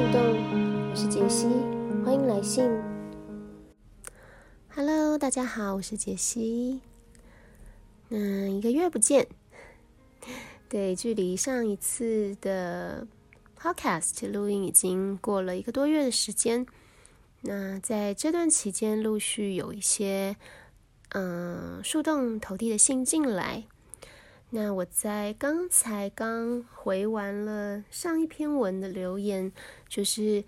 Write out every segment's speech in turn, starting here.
樹洞，我是潔西，歡迎來信。Hello，大家好，我是潔西。嗯，一個月不見，對，距離上一次的 Podcast 錄音已經過了一個多月的時間。那在這段期間，陸續有一些嗯，樹洞投遞的信進來。那我在剛才剛回完了上一篇文的留言，就是，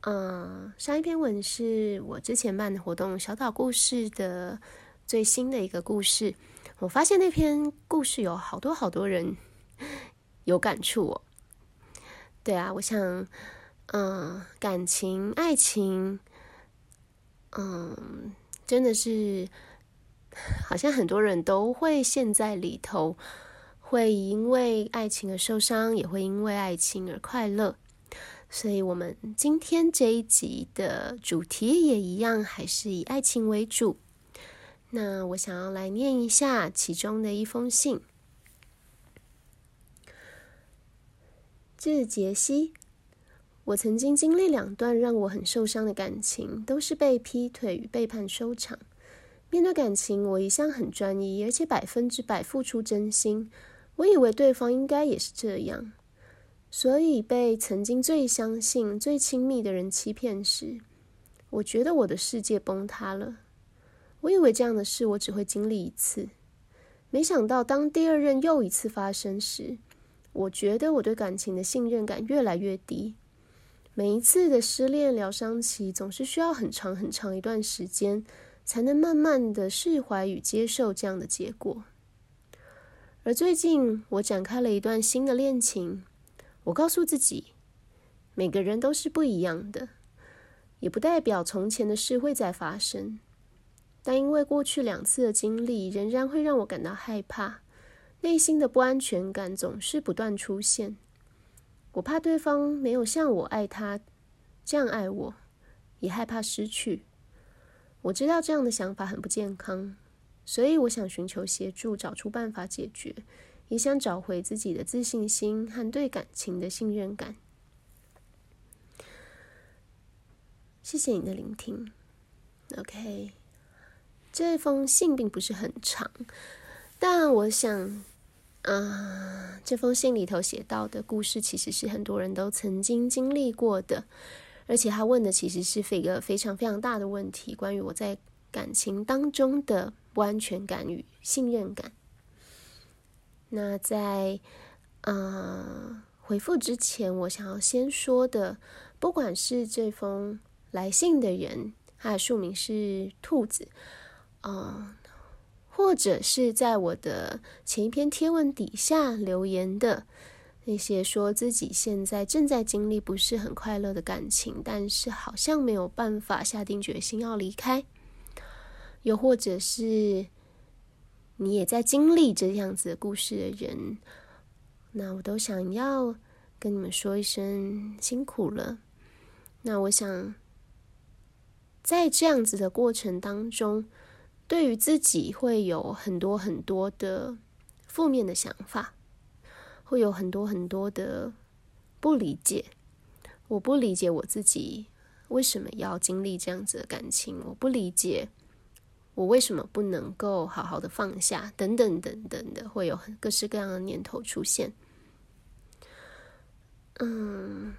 嗯，上一篇文是我之前辦的活動“小島故事”的最新的一個故事。我發現那篇故事有好多好多人有感觸哦。對啊，我想，嗯，感情、愛情，嗯，真的是好像很多人都會陷在裡頭。會因為愛情而受傷，也會因為愛情而快樂。所以，我們今天這一集的主題也一樣，還是以愛情為主。那我想要來念一下其中的一封信，致潔西。我曾經經歷兩段讓我很受傷的感情，都是被劈腿與背叛收場。面對感情，我一向很專一，而且百分之百付出真心。我以為對方應該也是這樣，所以被曾經最相信、最親密的人欺騙時，我覺得我的世界崩塌了。我以為這樣的事我只會經歷一次，沒想到當第二任又一次發生時，我覺得我對感情的信任感越來越低。每一次的失戀療傷期總是需要很長很長一段時間，才能慢慢的釋懷與接受這樣的結果。而最近，我展開了一段新的戀情。我告訴自己，每個人都是不一樣的，也不代表從前的事會再發生。但因為過去兩次的經歷，仍然會讓我感到害怕，內心的不安全感總是不斷出現。我怕對方沒有像我愛他這樣愛我，也害怕失去。我知道這樣的想法很不健康。所以我想尋求協助，找出辦法解決，也想找回自己的自信心和對感情的信任感。謝謝你的聆聽。OK，這封信並不是很長，但我想，嗯、呃，這封信裡頭寫到的故事其實是很多人都曾經經歷過的，而且他問的其實是非一個非常非常大的問題，關於我在。感情當中的不安全感與信任感。那在呃回復之前，我想要先說的，不管是這封來信的人，他的署名是兔子，啊、呃，或者是在我的前一篇貼文底下留言的那些，說自己現在正在經歷不是很快樂的感情，但是好像沒有辦法下定決心要離開。又或者是你也在經歷這樣子的故事的人，那我都想要跟你們說一聲辛苦了。那我想，在這樣子的過程當中，對於自己會有很多很多的負面的想法，會有很多很多的不理解。我不理解我自己為什麼要經歷這樣子的感情，我不理解。我為什麼不能夠好好的放下？等等等等的，會有各式各樣的念頭出現。嗯，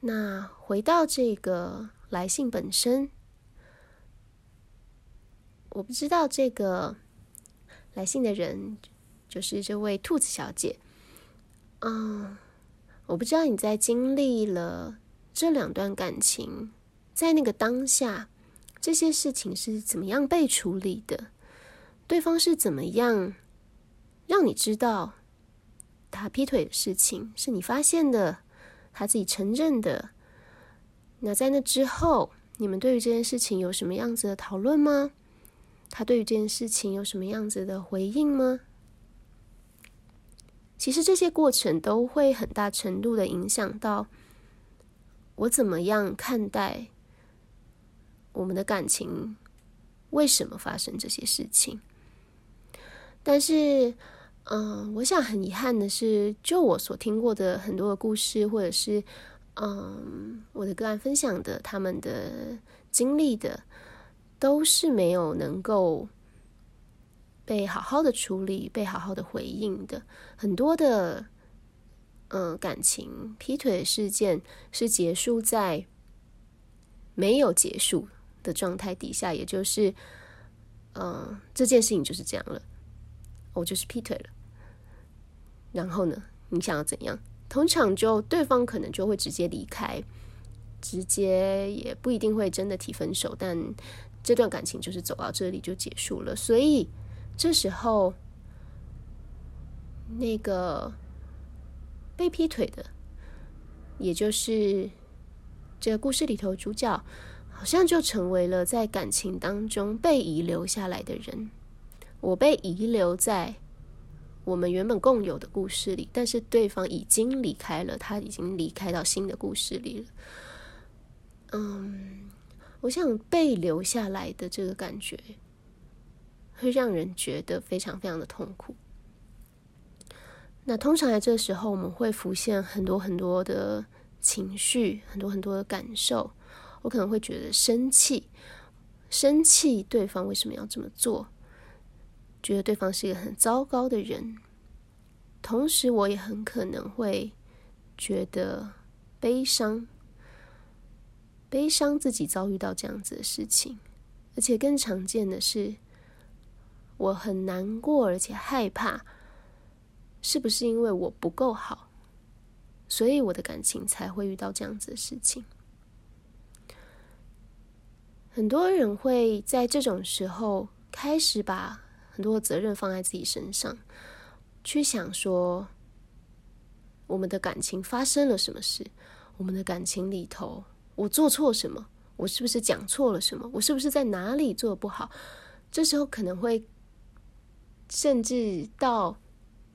那回到這個來信本身，我不知道這個來信的人就是這位兔子小姐。嗯，我不知道你在經歷了這兩段感情，在那個當下。這些事情是怎麼樣被處理的？對方是怎麼樣讓你知道他劈腿的事情？是你發現的，他自己承認的？那在那之後，你們對於這件事情有什麼樣子的討論嗎？他對於這件事情有什麼樣子的回應嗎？其實這些過程都會很大程度的影響到我怎麼樣看待。我們的感情為什麼發生這些事情？但是，嗯，我想很遺憾的是，就我所聽過的很多的故事，或者是，嗯，我的個案分享的，他們的經歷的，都是沒有能夠被好好的處理，被好好的回應的。很多的，嗯，感情劈腿事件是結束在沒有結束的狀態底下，也就是，嗯、呃，這件事情就是這樣了，我、哦、就是劈腿了。然後呢，你想要怎樣？通常就對方可能就會直接離開，直接也不一定會真的提分手，但這段感情就是走到這裡就結束了。所以這時候，那個被劈腿的，也就是這個故事裡頭主角。好像就成為了在感情當中被遺留下來的人。我被遺留在我們原本共有的故事裡，但是對方已經離開了，他已經離開到新的故事裡了。嗯，我想被留下來的這個感覺，會讓人覺得非常非常的痛苦。那通常在這時候，我們會浮現很多很多的情緒，很多很多的感受。我可能會覺得生氣，生氣對方為什麼要這麼做，覺得對方是一個很糟糕的人。同時，我也很可能會覺得悲傷，悲傷自己遭遇到這樣子的事情。而且更常見的是，我很難過，而且害怕，是不是因為我不夠好，所以我的感情才會遇到這樣子的事情？很多人會在這種時候開始把很多責任放在自己身上，去想說，我們的感情發生了什麼事，我們的感情裡頭我做錯什麼，我是不是講錯了什麼，我是不是在哪裡做的不好？這時候可能會甚至到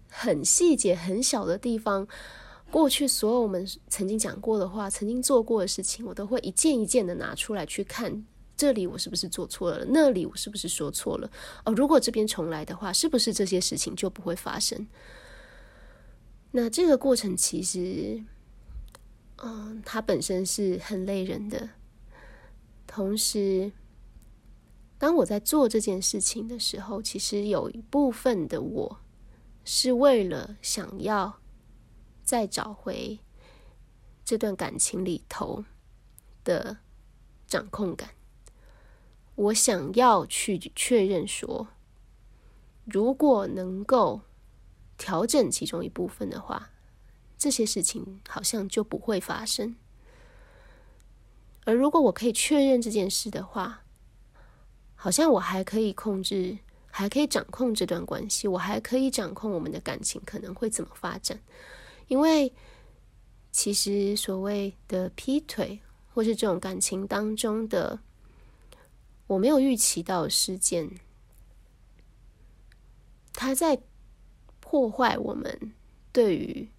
很細節、很小的地方，過去所有我們曾經講過的話、曾經做過的事情，我都會一件一件的拿出來去看。這裡我是不是做錯了？那裡我是不是說錯了？哦，如果這邊重來的話，是不是這些事情就不會發生？那這個過程其實，嗯，它本身是很累人的。同時，當我在做這件事情的時候，其實有一部分的我是為了想要再找回這段感情裡頭的掌控感。我想要去確認說，如果能夠調整其中一部分的話，這些事情好像就不會發生。而如果我可以確認這件事的話，好像我還可以控制，還可以掌控這段關係，我還可以掌控我們的感情可能會怎麼發展。因為其實所謂的劈腿，或是這種感情當中的。我沒有預期到事件，它在破壞我們對於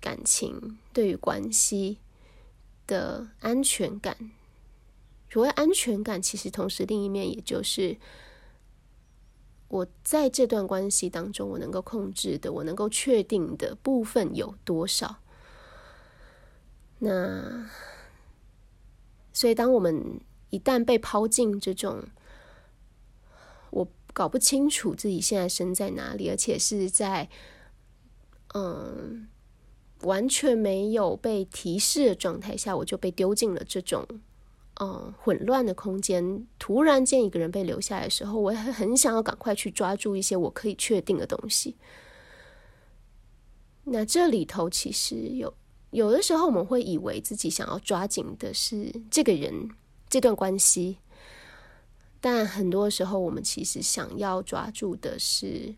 感情、對於關係的安全感。所謂安全感，其實同時另一面，也就是我在這段關係當中，我能夠控制的、我能夠確定的部分有多少。那，所以當我們一旦被拋進這種，我搞不清楚自己現在身在哪裡，而且是在，嗯，完全沒有被提示的狀態下，我就被丟進了這種，嗯，混亂的空間。突然間，一個人被留下來的時候，我很很想要趕快去抓住一些我可以確定的東西。那這裡頭其實有，有的時候我們會以為自己想要抓緊的是這個人。這段關係，但很多時候，我們其實想要抓住的是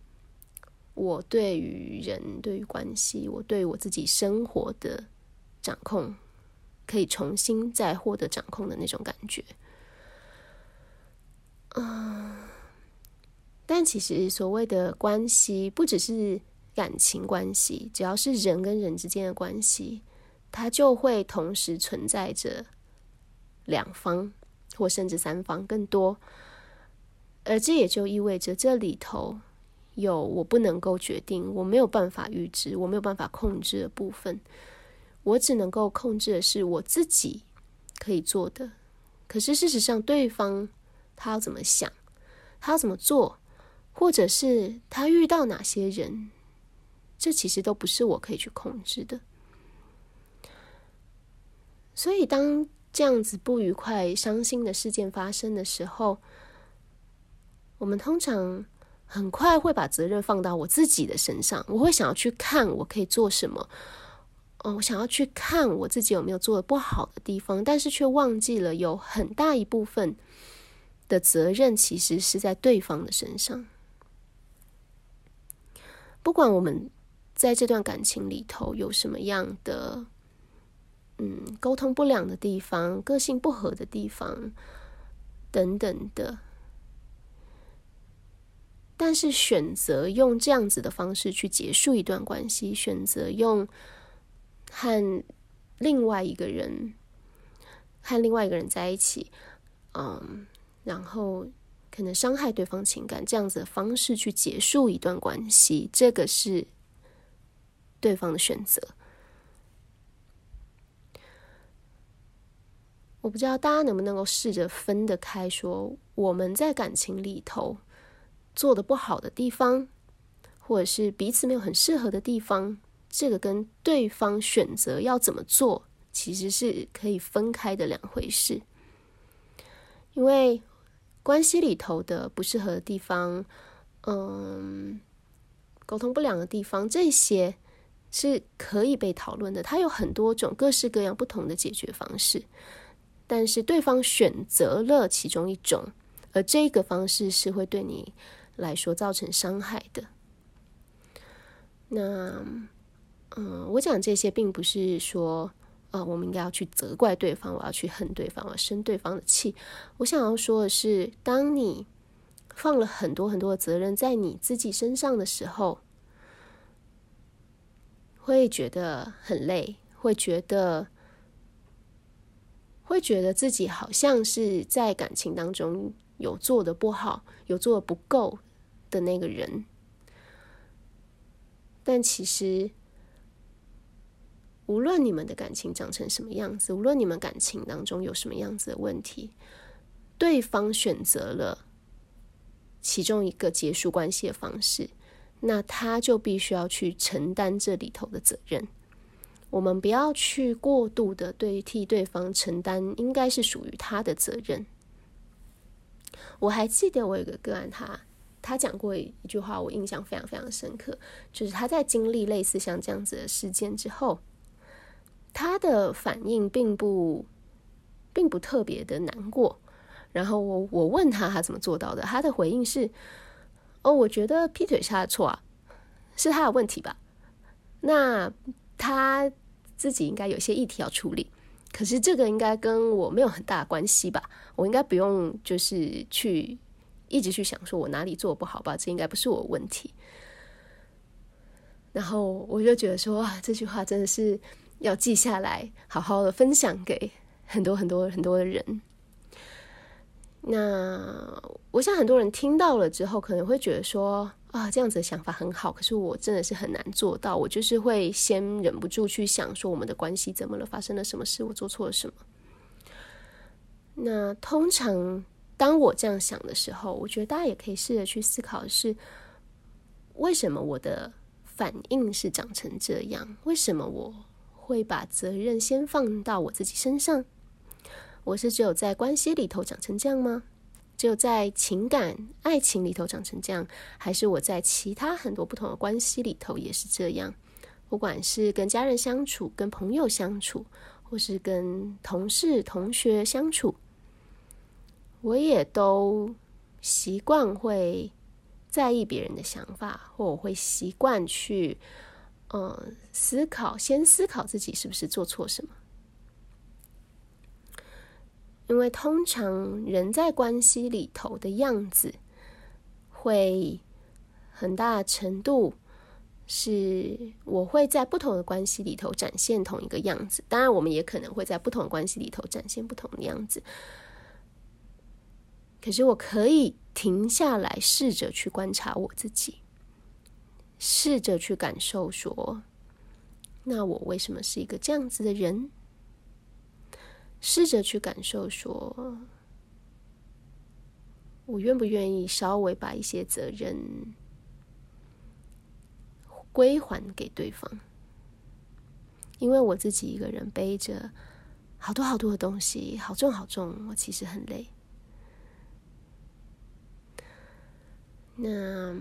我對於人、對於關係、我對我自己生活的掌控，可以重新再獲得掌控的那種感覺。嗯，但其實所謂的關係，不只是感情關係，只要是人跟人之間的關係，它就會同時存在着。兩方，或甚至三方更多，而這也就意味着這裡頭有我不能夠決定，我沒有辦法預知，我沒有辦法控制的部分。我只能夠控制的是我自己可以做的。可是事實上，對方他要怎麼想，他要怎麼做，或者是他遇到哪些人，這其實都不是我可以去控制的。所以當這樣子不愉快、傷心的事件發生的時候，我們通常很快會把責任放到我自己的身上。我會想要去看我可以做什麼，嗯、哦，我想要去看我自己有沒有做的不好的地方，但是卻忘記了有很大一部分的責任其實是在對方的身上。不管我們在這段感情裡頭有什麼樣的。嗯，溝通不良的地方，個性不合的地方，等等的。但是選擇用這樣子的方式去結束一段關係，選擇用和另外一個人，和另外一個人在一起，嗯，然後可能傷害對方情感，這樣子的方式去結束一段關係，這個是對方的選擇。我不知道大家能不能夠試着分得開，說我們在感情裡頭做得不好的地方，或者是彼此沒有很適合的地方，這個跟對方選擇要怎麼做，其實是可以分開的兩回事。因為關係裡頭的不適合的地方，嗯，溝通不良的地方，這些是可以被討論的，它有很多種各式各樣不同的解決方式。但是對方選擇了其中一種，而這個方式是會對你來說造成傷害的。那，嗯，我講這些並不是說，呃，我們應該要去責怪對方，我要去恨對方，我要生對方的氣。我想要說的是，當你放了很多很多的責任在你自己身上的時候，會覺得很累，會覺得。會覺得自己好像是在感情當中有做的不好，有做的不夠的那個人。但其實，無論你們的感情長成什麼樣子，無論你們感情當中有什麼樣子的問題，對方選擇了其中一個結束關係的方式，那他就必須要去承擔這裡頭的責任。我們不要去過度的對替對方承擔應該是屬於他的責任。我還記得我有個個案，他他講過一句話，我印象非常非常深刻，就是他在經歷類似像這樣子的事件之後，他的反應並不並不特別的難過。然後我我問他他怎麼做到的，他的回應是：哦，我覺得劈腿是他錯啊，是他的問題吧？那他。自己應該有些議題要處理，可是這個應該跟我沒有很大關係吧？我應該不用就是去一直去想說我哪裡做不好吧？這應該不是我的問題。然後我就覺得說，這句話真的是要記下來，好好的分享給很多很多很多的人。那我想很多人聽到了之後，可能會覺得說啊，這樣子的想法很好，可是我真的是很難做到。我就是會先忍不住去想說我們的關係怎麼了，發生了什麼事，我做錯了什麼。那通常當我這樣想的時候，我覺得大家也可以試着去思考的是，為什麼我的反應是長成這樣，為什麼我會把責任先放到我自己身上？我是只有在關係裡頭長成這樣嗎？只有在情感、愛情裡頭長成這樣，還是我在其他很多不同的關係裡頭也是這樣？不管是跟家人相處、跟朋友相處，或是跟同事、同學相處，我也都習慣會在意別人的想法，或我會習慣去嗯思考，先思考自己是不是做錯什麼。因為通常人在關係裡頭的樣子，會很大程度是我會在不同的關係裡頭展現同一個樣子。當然，我們也可能會在不同的關係裡頭展現不同的樣子。可是，我可以停下來，試着去觀察我自己，試着去感受，說，那我為什麼是一個這樣子的人？試着去感受說，我願不願意稍微把一些責任歸還給對方。因為我自己一個人背着好多好多的東西，好重好重，我其實很累。那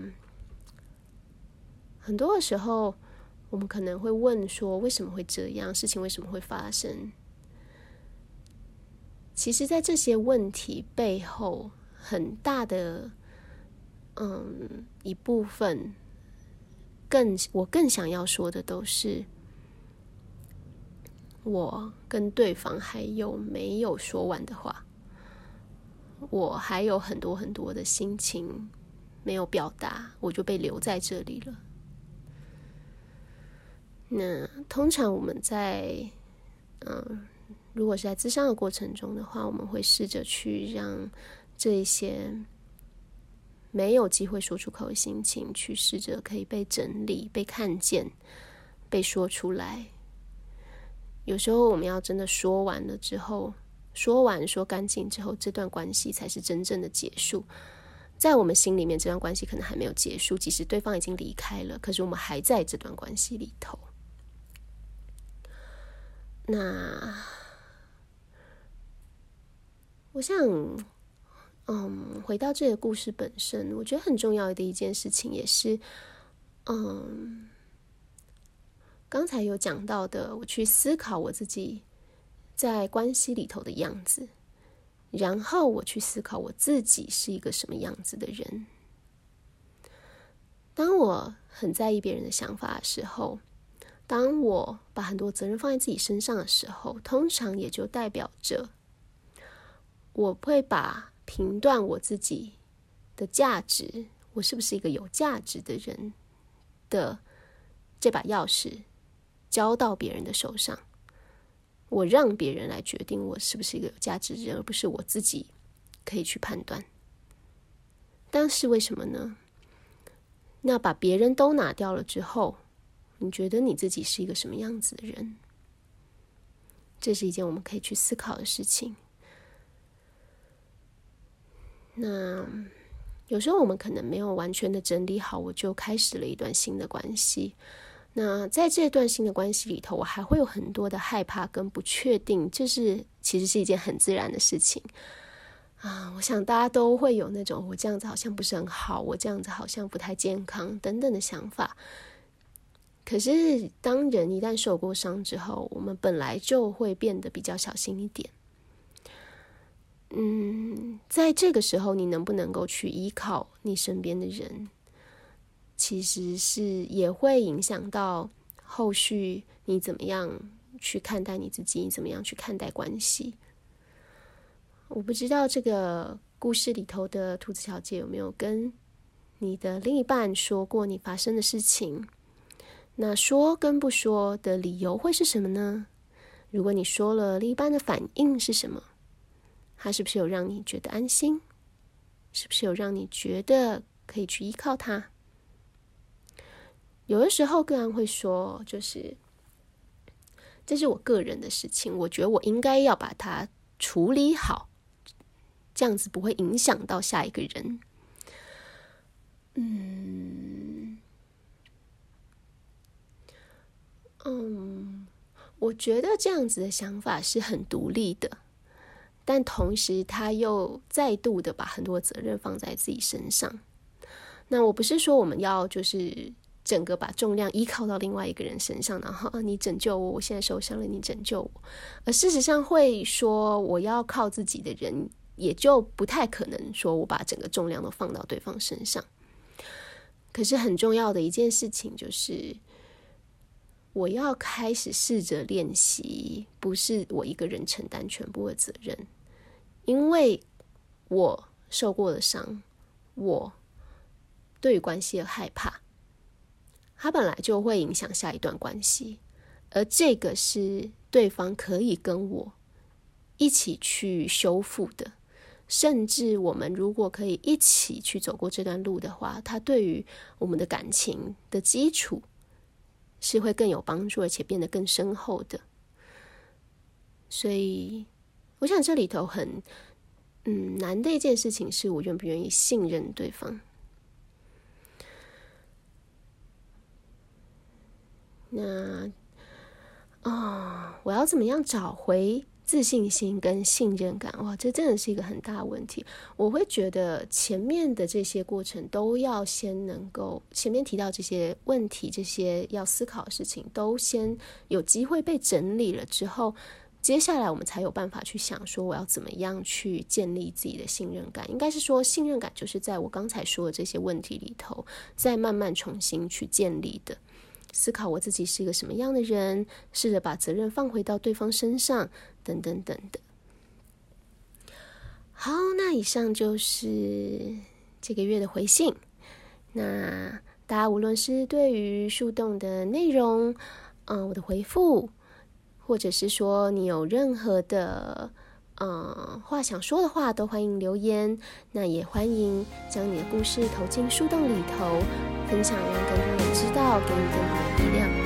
很多的時候，我們可能會問說：為什麼會這樣？事情為什麼會發生？其實，在這些問題背後，很大的，嗯，一部分，更我更想要說的，都是我跟對方還有沒有說完的話，我還有很多很多的心情沒有表達，我就被留在這裡了。那通常我們在，嗯。如果是在諮商的過程中的話，我們會試着去讓這一些沒有機會說出口的心情，去試着可以被整理、被看見、被說出來。有時候我們要真的說完了之後，說完說乾淨之後，這段關係才是真正的結束。在我們心裡面，這段關係可能還沒有結束，即使對方已經離開了，可是我們還在這段關係裡頭。那。我想，嗯，回到這個故事本身，我覺得很重要的一件事情也是，嗯，剛才有講到的，我去思考我自己在關係裡頭的樣子，然後我去思考我自己是一個什麼樣子的人。當我很在意別人的想法的時候，當我把很多責任放在自己身上的時候，通常也就代表着，我會把評斷我自己的價值，我是不是一個有價值的人的這把鑰匙交到別人的手上。我讓別人來決定我是不是一個有價值的人，而不是我自己可以去判斷。但是為什麼呢？那把別人都拿掉了之後，你覺得你自己是一個什麼樣子的人？這是一件我們可以去思考的事情。那有時候我們可能沒有完全的整理好，我就開始了一段新的關係。那在這段新的關係裡頭，我還會有很多的害怕跟不確定，就是其實是一件很自然的事情。啊，我想大家都會有那種我這樣子好像不是很好，我這樣子好像不太健康等等的想法。可是當人一旦受過傷之後，我們本來就會變得比較小心一點。嗯，在這個時候，你能不能夠去依靠你身邊的人，其實是也會影響到後續你怎麼樣去看待你自己，你怎麼樣去看待關係。我不知道這個故事裡頭的兔子小姐有沒有跟你的另一半說過你發生的事情。那說跟不說的理由會是什麼呢？如果你說了，另一半的反應是什麼？他是不是有讓你覺得安心？是不是有讓你覺得可以去依靠他？有的時候，個人會說，就是這是我個人的事情，我覺得我應該要把它處理好，這樣子不會影響到下一個人。嗯嗯，我覺得這樣子的想法是很獨立的。但同時，他又再度的把很多責任放在自己身上。那我不是說我們要就是整個把重量依靠到另外一個人身上，然後你拯救我，我現在受傷了，你拯救我。而事實上，會說我要靠自己的人，也就不太可能說我把整個重量都放到對方身上。可是很重要的一件事情就是。我要開始試着練習不是我一個人承擔全部的責任，因為我受過的傷，我對於關係的害怕，它本來就會影響下一段關係，而這個是對方可以跟我一起去修復的，甚至我們如果可以一起去走過這段路的話，他對於我們的感情的基礎，是會更有幫助，而且變得更深厚的。所以，我想這裡頭很嗯難的一件事情，是我願不願意信任對方。那啊，哦，我要怎麼樣找回？自信心跟信任感，哇，這真的是一個很大的問題。我會覺得前面的這些過程都要先能夠，前面提到這些問題，這些要思考的事情都先有機會被整理了之後，接下來我們才有辦法去想說我要怎麼樣去建立自己的信任感。應該是說，信任感就是在我剛才說的這些問題裡頭，再慢慢重新去建立的。思考我自己是一個什麼樣的人，試着把責任放回到對方身上。等等等等，好，那以上就是這個月的回信。那大家無論是對於樹洞的內容，嗯、呃，我的回復，或者是說你有任何的嗯、呃，話想說的話，都歡迎留言。那也歡迎將你的故事投進樹洞裡頭，分享讓更多人知道，給你更多的力量。